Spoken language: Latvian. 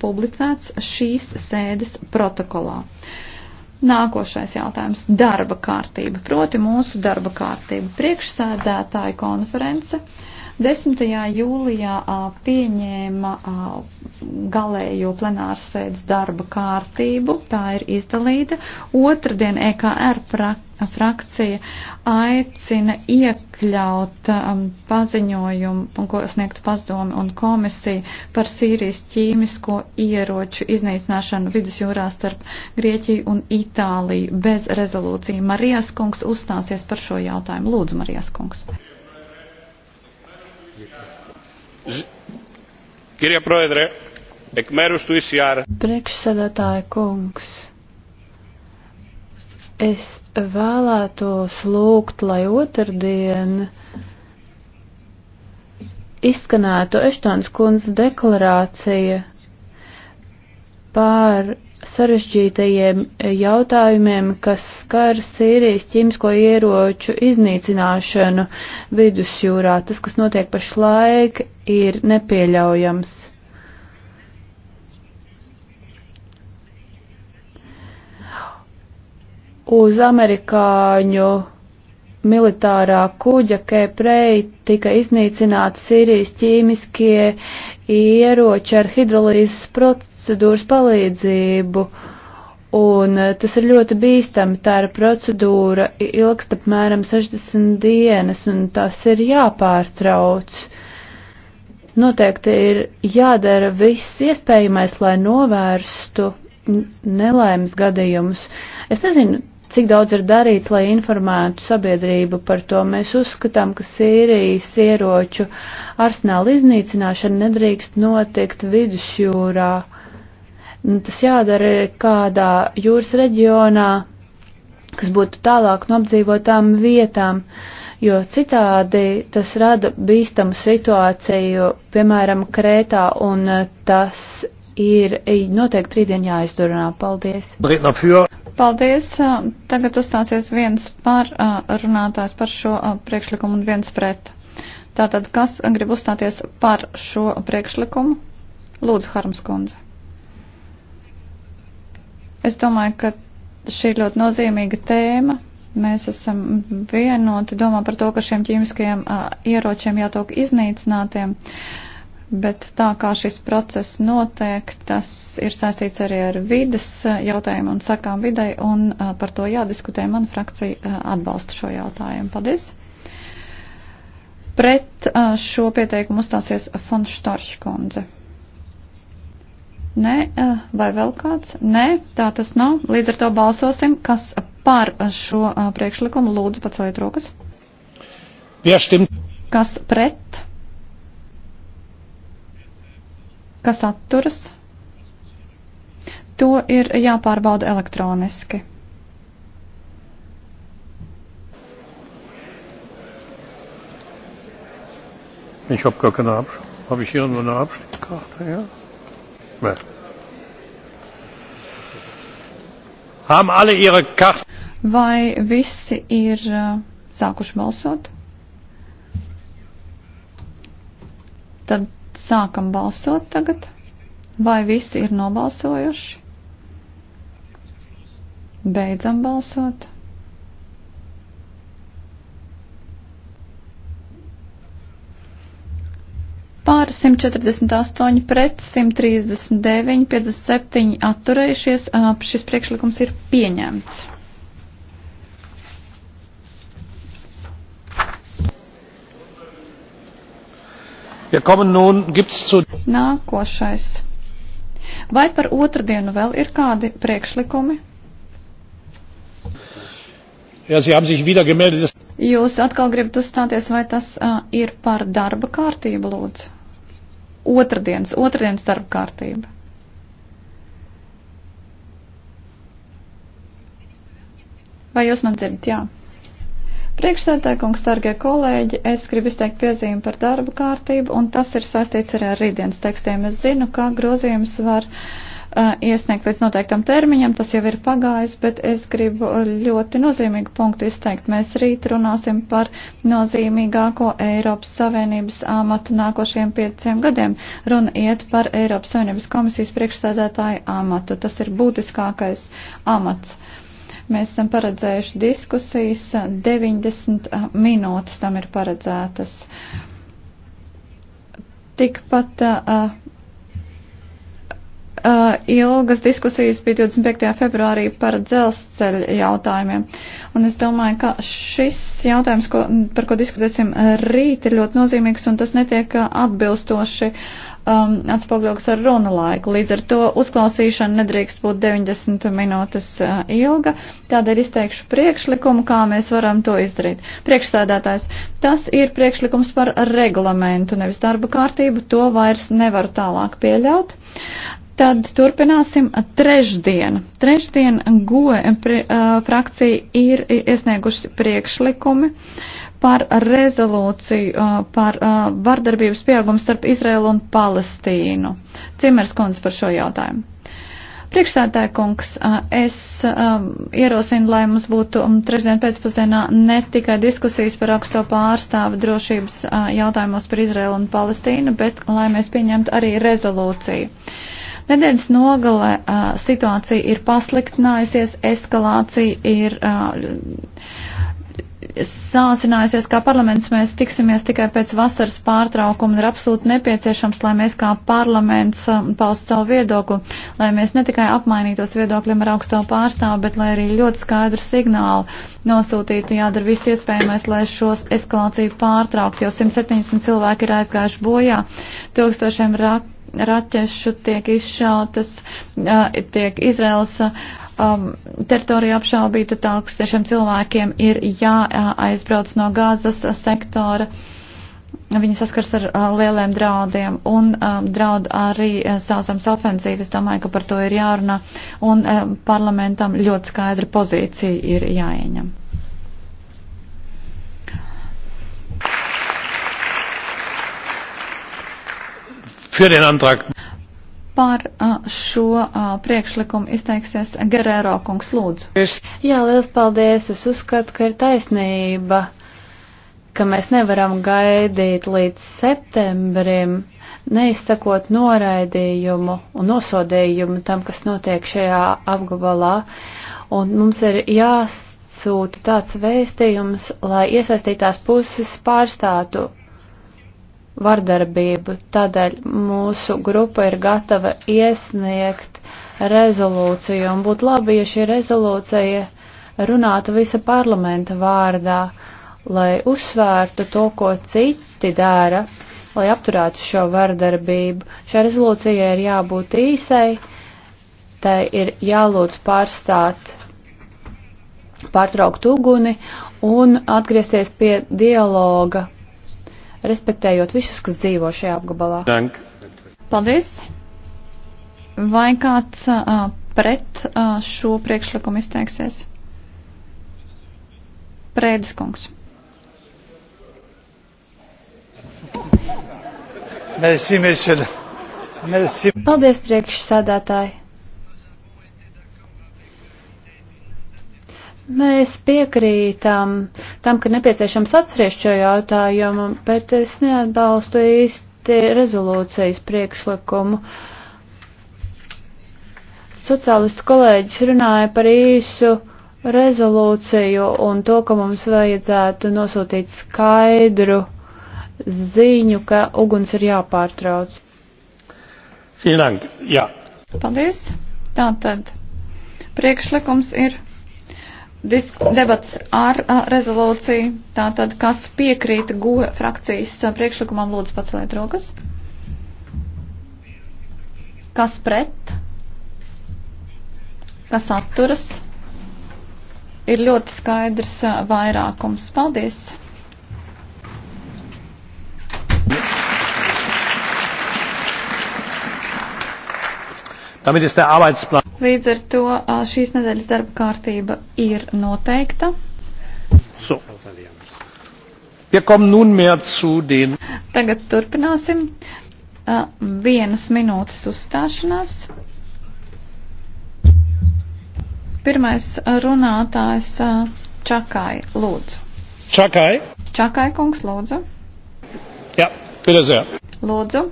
publicēts šīs sēdes protokolā. Nākošais jautājums - darba kārtība, proti mūsu darba kārtība. Priekšsēdētāja konference 10. jūlijā pieņēma galējo plenārsēdes darba kārtību, tā ir izdalīta. Otradien EKR frakcija aicina iekļaut paziņojumu, ko sniegtu pazdomi un komisija par Sīrijas ķīmisko ieroču iznīcināšanu vidusjūrā starp Grieķiju un Itāliju bez rezolūcija. Marijas kungs uzstāsies par šo jautājumu. Lūdzu, Marijas kungs. Kirja Proedre, ek mērus tu izjāra. Priekšsēdētāja kungs, es vēlētos lūgt, lai otrdien izskanētu Eštons kundzes deklarācija par sarežģītajiem jautājumiem, kas skar Sīrijas ķīmisko ieroču iznīcināšanu vidusjūrā. Tas, kas notiek pašlaik, ir nepieļaujams. Uz amerikāņu militārā kuģa Keprei tika iznīcināti Sīrijas ķīmiskie ieroči ar hidrolīzes procedūras palīdzību. Un eh, tas ir ļoti bīstami, tā ir procedūra, ilgst apmēram 60 dienas, un tas ir jāpārtrauc. Noteikti ir jādara viss iespējamais, lai novērstu nelaimes gadījumus. Es nezinu, cik daudz ir darīts, lai informētu sabiedrību par to. Mēs uzskatām, ka Sīrijas ieroču arsenāla iznīcināšana nedrīkst notikt vidusjūrā. Tas jādara kādā jūras reģionā, kas būtu tālāk no apdzīvotām vietām, jo citādi tas rada bīstamu situāciju, piemēram, Krētā, un tas ir noteikti rītdien jāizdurā. Paldies! Paldies. Tagad uzstāsies viens par runātājs par šo priekšlikumu un viens pret. Tātad, kas grib uzstāties par šo priekšlikumu? Lūdzu, Harms kundze. Es domāju, ka šī ir ļoti nozīmīga tēma. Mēs esam vienoti domā par to, ka šiem ķīmiskajiem ieročiem jātok iznīcinātiem. Uh, bet tā kā šis process notiek, tas ir saistīts arī ar vides jautājumu un sakām videi, un par to jādiskutē. Man frakcija atbalsta šo jautājumu. Paldies! Pret šo pieteikumu uzstāsies Fons Štorškundze. Nē, vai vēl kāds? Nē, tā tas nav. Līdz ar to balsosim, kas par šo priekšlikumu lūdzu paceliet rokas. Kas pret? kas atturas, to ir jāpārbauda elektroniski. Ich habe gar keine Abstimmung. Habe ich hier nur eine Abstimmkarte? Ja? Nee. Haben alle ihre Karten? Vai visi ir uh, sākuši balsot? Sākam balsot tagad. Vai visi ir nobalsojuši? Beidzam balsot. Pār 148 pret 139, 57 atturējušies. Šis priekšlikums ir pieņemts. Nākošais. Vai par otrdienu vēl ir kādi priekšlikumi? Ja, Jūs atkal gribat uzstāties, vai tas uh, ir par darba kārtību, lūdzu? Otradienas, otradienas darba kārtība. Vai jūs man dzirdat? Jā. Priekšsēdētājkungs, dargie kolēģi, es gribu izteikt piezīmi par darbu kārtību, un tas ir saistīts arī ar rītdienas tekstiem. Es zinu, ka grozījums var uh, iesniegt līdz noteiktam termiņam, tas jau ir pagājis, bet es gribu ļoti nozīmīgu punktu izteikt. Mēs rīt runāsim par nozīmīgāko Eiropas Savienības amatu nākošajiem pieciem gadiem. Runa iet par Eiropas Savienības komisijas priekšsēdētāju amatu. Tas ir būtiskākais amats. Uh, Mēs esam paredzējuši diskusijas, 90 minūtes tam ir paredzētas. Tikpat uh, uh, ilgas diskusijas bija 25. februārī par dzelzceļa jautājumiem. Un es domāju, ka šis jautājums, ko, par ko diskutēsim rīt, ir ļoti nozīmīgs un tas netiek atbilstoši uh, um, atspoguļots ar runu laiku. Līdz ar to uzklausīšana nedrīkst būt 90 minūtes uh, ilga, tādēļ izteikšu priekšlikumu, kā mēs varam to izdarīt. Priekšstādātājs, tas ir priekšlikums par reglamentu, nevis darba kārtību, to vairs nevaru tālāk pieļaut. Tad turpināsim trešdien. Trešdien GOE uh, frakcija ir iesnieguši priekšlikumi. Uh, par rezolūciju par vardarbības pieaugumu starp Izraelu un Palestīnu. Cimers kundze par šo jautājumu. Priekšsētāja kungs, es ierosinu, lai mums būtu trešdien pēcpusdienā ne tikai diskusijas par augsto pārstāvu drošības jautājumos par Izraelu un Palestīnu, bet lai mēs pieņemtu arī rezolūciju. Nedēļas nogale situācija ir pasliktinājusies, eskalācija ir sāsinājusies kā parlaments. Mēs tiksimies tikai pēc vasaras pārtraukuma un ir absolūti nepieciešams, lai mēs kā parlaments um, paust savu viedokli, lai mēs ne tikai apmainītos viedokļiem ar augsto pārstāvu, bet lai arī ļoti skaidru signālu nosūtītu jādara viss iespējamais, lai šos eskalāciju pārtraukt, jo 170 cilvēki ir aizgājuši bojā, tūkstošiem rak raķešu tiek izšautas, tiek Izraels um, teritorija apšaubīta tā, ka tiešām cilvēkiem ir jāaizbrauc no gāzes sektora. Viņi saskars ar uh, lieliem draudiem un um, draud arī uh, sausams ofensīvas. Domāju, ka par to ir jārunā un um, parlamentam ļoti skaidra pozīcija ir jāieņem. für den Antrag. Par šo priekšlikumu izteiksies Gerēro kungs lūdzu. Jā, liels paldies. Es uzskatu, ka ir taisnība, ka mēs nevaram gaidīt līdz septembrim, neizsakot noraidījumu un nosodījumu tam, kas notiek šajā apgabalā. Un mums ir jās sūta tāds vēstījums, lai iesaistītās puses pārstātu vardarbību. Tādēļ mūsu grupa ir gatava iesniegt rezolūciju un būtu labi, ja šī rezolūcija runātu visa parlamenta vārdā, lai uzsvērtu to, ko citi dara, lai apturētu šo vardarbību. Šai rezolūcijai ir jābūt īsai, tai ir jālūdz pārstāt pārtraukt uguni un atgriezties pie dialoga respektējot visus, kas dzīvo šajā apgabalā. Dank. Paldies! Vai kāds uh, pret uh, šo priekšlikumu izteiksies? Prēdis kungs. Merci, Paldies, priekšsādātāji! Mēs piekrītam tam, ka nepieciešams apspriest šo jautājumu, bet es neatbalstu īsti rezolūcijas priekšlikumu. Sociālistu kolēģis runāja par īsu rezolūciju un to, ka mums vajadzētu nosūtīt skaidru ziņu, ka uguns ir jāpārtrauc. Paldies. Tātad priekšlikums ir disk, debats ar a, rezolūciju. Tātad, kas piekrīt GUE frakcijas a, priekšlikumam, lūdzu paceliet rokas. Kas pret? Kas atturas? Ir ļoti skaidrs a, vairākums. Paldies! Līdz ar to šīs nedēļas darba kārtība ir noteikta. So. Tagad turpināsim. Vienas minūtes uzstāšanās. Pirmais runātājs Čakai, lūdzu. Čakai? Čakai kungs, lūdzu. Jā, ja, pirms jā. Lūdzu.